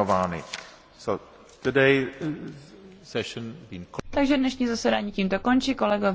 Uh, Takže dnešní zasedání tímto končí, kolegové.